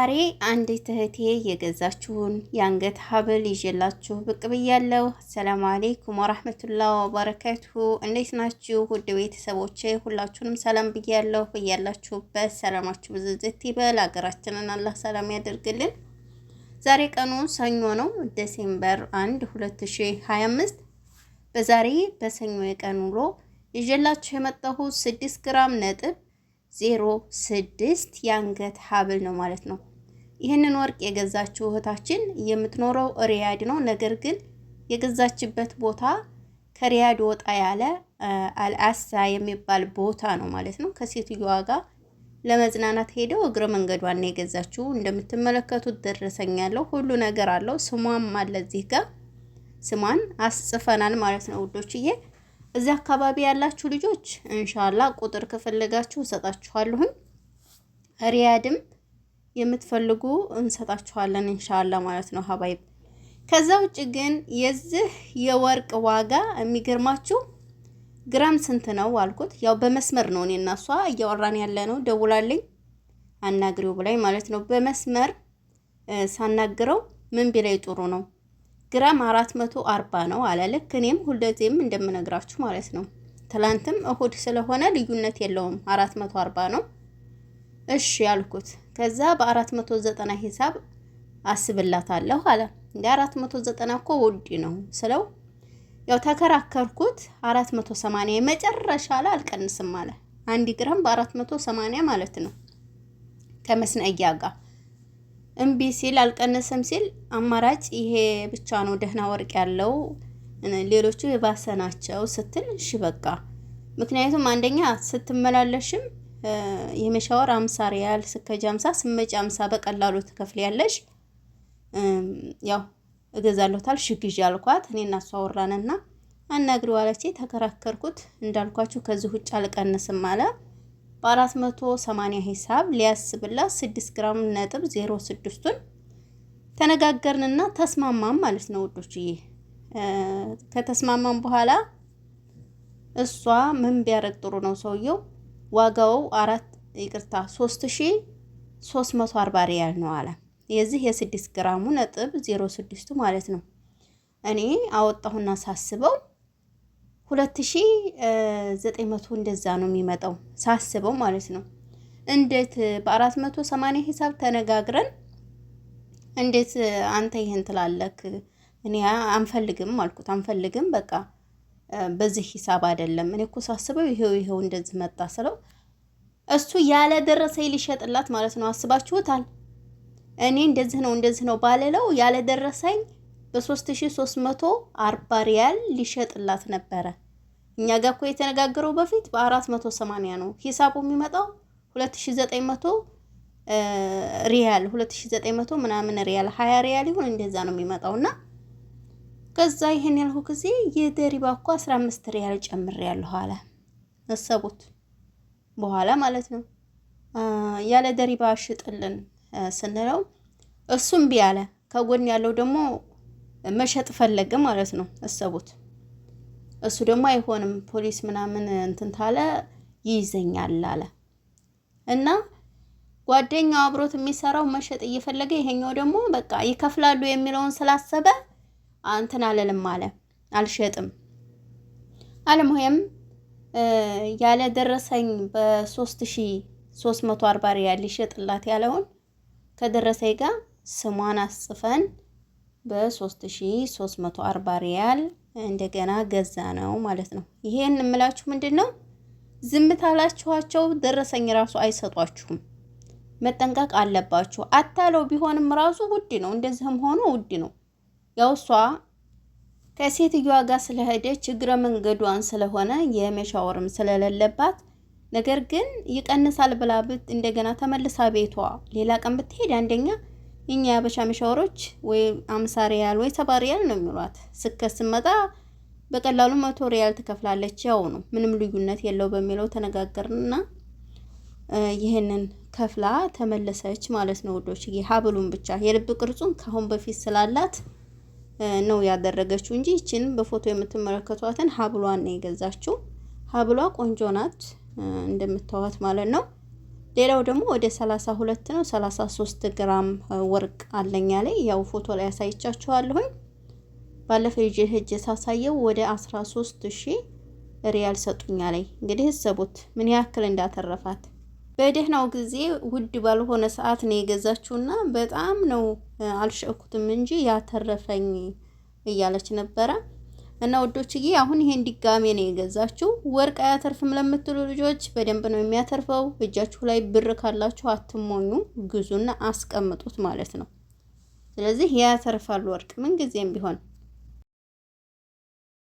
ዛሬ አንዲት እህቴ የገዛችሁን የአንገት ሀብል ይዤላችሁ ብቅ ብያለሁ። አሰላሙ አሌይኩም ወራህመቱላ ወበረከቱ። እንዴት ናችሁ ውድ ቤተሰቦቼ? ሁላችሁንም ሰላም ብያለሁ። ብያላችሁበት ሰላማችሁ ብዝዝት ይበል። ሀገራችንን አላህ ሰላም ያደርግልን። ዛሬ ቀኑ ሰኞ ነው፣ ዴሴምበር 1 2025። በዛሬ በሰኞ የቀን ውሎ ይዤላችሁ የመጣሁ ስድስት ግራም ነጥብ ዜሮ ስድስት የአንገት ሀብል ነው ማለት ነው። ይህንን ወርቅ የገዛችው እህታችን የምትኖረው ሪያድ ነው። ነገር ግን የገዛችበት ቦታ ከሪያድ ወጣ ያለ አልአሳ የሚባል ቦታ ነው ማለት ነው። ከሴትዮዋ ጋር ለመዝናናት ሄደው እግረ መንገዷን የገዛችው። እንደምትመለከቱት ደረሰኝ ያለው ሁሉ ነገር አለው። ስሟም አለ እዚህ ጋር ስሟን አስጽፈናል ማለት ነው ውዶችዬ። እዚህ አካባቢ ያላችሁ ልጆች እንሻላ ቁጥር ከፈለጋችሁ እሰጣችኋለሁኝ ሪያድም የምትፈልጉ እንሰጣችኋለን እንሻላ ማለት ነው ሀባይብ። ከዛ ውጭ ግን የዚህ የወርቅ ዋጋ የሚገርማችሁ ግራም ስንት ነው አልኩት። ያው በመስመር ነው እኔ እና እሷ እያወራን ያለ ነው። ደውላልኝ አናግሪው ብላኝ ማለት ነው። በመስመር ሳናግረው ምን ቢላይ ጥሩ ነው ግራም አራት መቶ አርባ ነው አለ። ልክ እኔም ሁልጊዜም እንደምነግራችሁ ማለት ነው። ትላንትም እሁድ ስለሆነ ልዩነት የለውም አራት መቶ አርባ ነው። እሺ ያልኩት ከዛ በ490 ሂሳብ አስብላታለሁ አለ እንደ የ490 እኮ ውድ ነው ስለው ያው ተከራከርኩት። 480 የመጨረሻ ላይ አልቀንስም አለ። አንድ ግራም በ480 ማለት ነው ከመስነጊያ ጋር እምቢ ሲል አልቀነሰም ሲል አማራጭ ይሄ ብቻ ነው ደህና ወርቅ ያለው ሌሎቹ የባሰ ናቸው ስትል እሺ በቃ ምክንያቱም አንደኛ ስትመላለሽም የመሻወር አምሳ ሪያል ስከጅ አምሳ ስመጭ አምሳ በቀላሉ ትከፍል ያለሽ ያው እገዛለሁታል ሽግዥ አልኳት። እኔ እና እሷ አወራንና አናግሪው አለች። ተከራከርኩት። እንዳልኳችሁ ከዚህ ውጭ አልቀንስም አለ። በአራት መቶ ሰማንያ ሂሳብ ሊያስብላት ስድስት ግራም ነጥብ ዜሮ ስድስቱን ተነጋገርንና ተስማማም ማለት ነው ውዶችዬ። ከተስማማም በኋላ እሷ ምን ቢያደርግ ጥሩ ነው ሰውየው ዋጋው አራት ይቅርታ አርባ ሪያል ነው አለ። የዚህ የስድስት ግራሙ ነጥብ ዜሮ ስድስቱ ማለት ነው። እኔ አወጣሁና ሳስበው መቶ እንደዛ ነው የሚመጣው ሳስበው ማለት ነው። እንዴት መቶ 480 ሂሳብ ተነጋግረን እንዴት አንተ ይህን ትላለክ? እኔ አንፈልግም አልኩት። አንፈልግም በቃ በዚህ ሂሳብ አይደለም። እኔ እኮ ሳስበው ይሄው ይሄው እንደዚህ መጣ ስለው እሱ ያለ ደረሰኝ ሊሸጥላት ማለት ነው። አስባችሁታል? እኔ እንደዚህ ነው እንደዚህ ነው ባልለው ያለ ደረሰኝ በ3340 ሪያል ሊሸጥላት ነበረ። እኛ ጋር እኮ የተነጋገረው በፊት በ480 ነው ሂሳቡ የሚመጣው 2900 ሪያል 2900 ምናምን ሪያል 20 ሪያል ይሁን እንደዛ ነው የሚመጣውና ከዛ ይሄን ያልሁ ጊዜ የደሪባ እኮ አስራ አምስት ሪያል ጨምሬያለሁ አለ። እሰቡት በኋላ ማለት ነው ያለ ደሪባ ሽጥልን ስንለው እሱም ቢያለ አለ። ከጎን ያለው ደግሞ መሸጥ ፈለገ ማለት ነው። እሰቡት እሱ ደግሞ አይሆንም ፖሊስ ምናምን እንትን ታለ ይይዘኛል አለ እና ጓደኛው አብሮት የሚሰራው መሸጥ እየፈለገ ይሄኛው ደግሞ በቃ ይከፍላሉ የሚለውን ስላሰበ እንትን አለልም አለ አልሸጥም አለሙሄም ያለ ደረሰኝ በ3340 ሪያል ሊሸጥላት ያለውን ከደረሰኝ ጋር ስሟን አስጽፈን በ3340 ሪያል እንደገና ገዛ ነው ማለት ነው። ይሄን እንምላችሁ ምንድን ነው ዝም ታላችኋቸው ደረሰኝ ራሱ አይሰጧችሁም። መጠንቀቅ አለባችሁ። አታለው ቢሆንም ራሱ ውድ ነው። እንደዚህም ሆኖ ውድ ነው። ያው እሷ ከሴትዮዋ ጋር ስለሄደች እግረ መንገዷን ስለሆነ የመሻወርም ስለሌለባት ነገር ግን ይቀንሳል ብላ ብት እንደገና ተመልሳ ቤቷ ሌላ ቀን ብትሄድ አንደኛ እኛ የአበሻ መሻወሮች ወይ አምሳ ሪያል ወይ ሰባ ሪያል ነው የሚሏት። ስከስ ስመጣ በቀላሉ መቶ ሪያል ትከፍላለች። ያው ነው ምንም ልዩነት የለው በሚለው ተነጋገርና ይህንን ከፍላ ተመለሰች ማለት ነው። ውዶች ሀብሉን ብቻ የልብ ቅርጹን ከአሁን በፊት ስላላት ነው ያደረገችው እንጂ ይችን በፎቶ የምትመለከቷትን ሀብሏን ነው የገዛችው። ሀብሏ ቆንጆ ናት እንደምታዋት ማለት ነው። ሌላው ደግሞ ወደ 32 ነው 33 ግራም ወርቅ አለኝ ላይ ያው ፎቶ ላይ ያሳይቻችኋለሁኝ። ባለፈው ይዤ ሂጅ ሳሳየው ወደ 13 ሺህ ሪያል ሰጡኛ ላይ እንግዲህ እሰቡት ምን ያክል እንዳተረፋት። በደህናው ጊዜ ውድ ባልሆነ ሰዓት ነው የገዛችሁና በጣም ነው አልሸኩትም እንጂ ያተረፈኝ እያለች ነበረ። እና ወዶችዬ አሁን ይሄን ድጋሜ ነው የገዛችው። ወርቅ አያተርፍም ለምትሉ ልጆች በደንብ ነው የሚያተርፈው። እጃችሁ ላይ ብር ካላችሁ አትሞኙ፣ ግዙና አስቀምጡት ማለት ነው። ስለዚህ ያተርፋል ወርቅ ምንጊዜም ቢሆን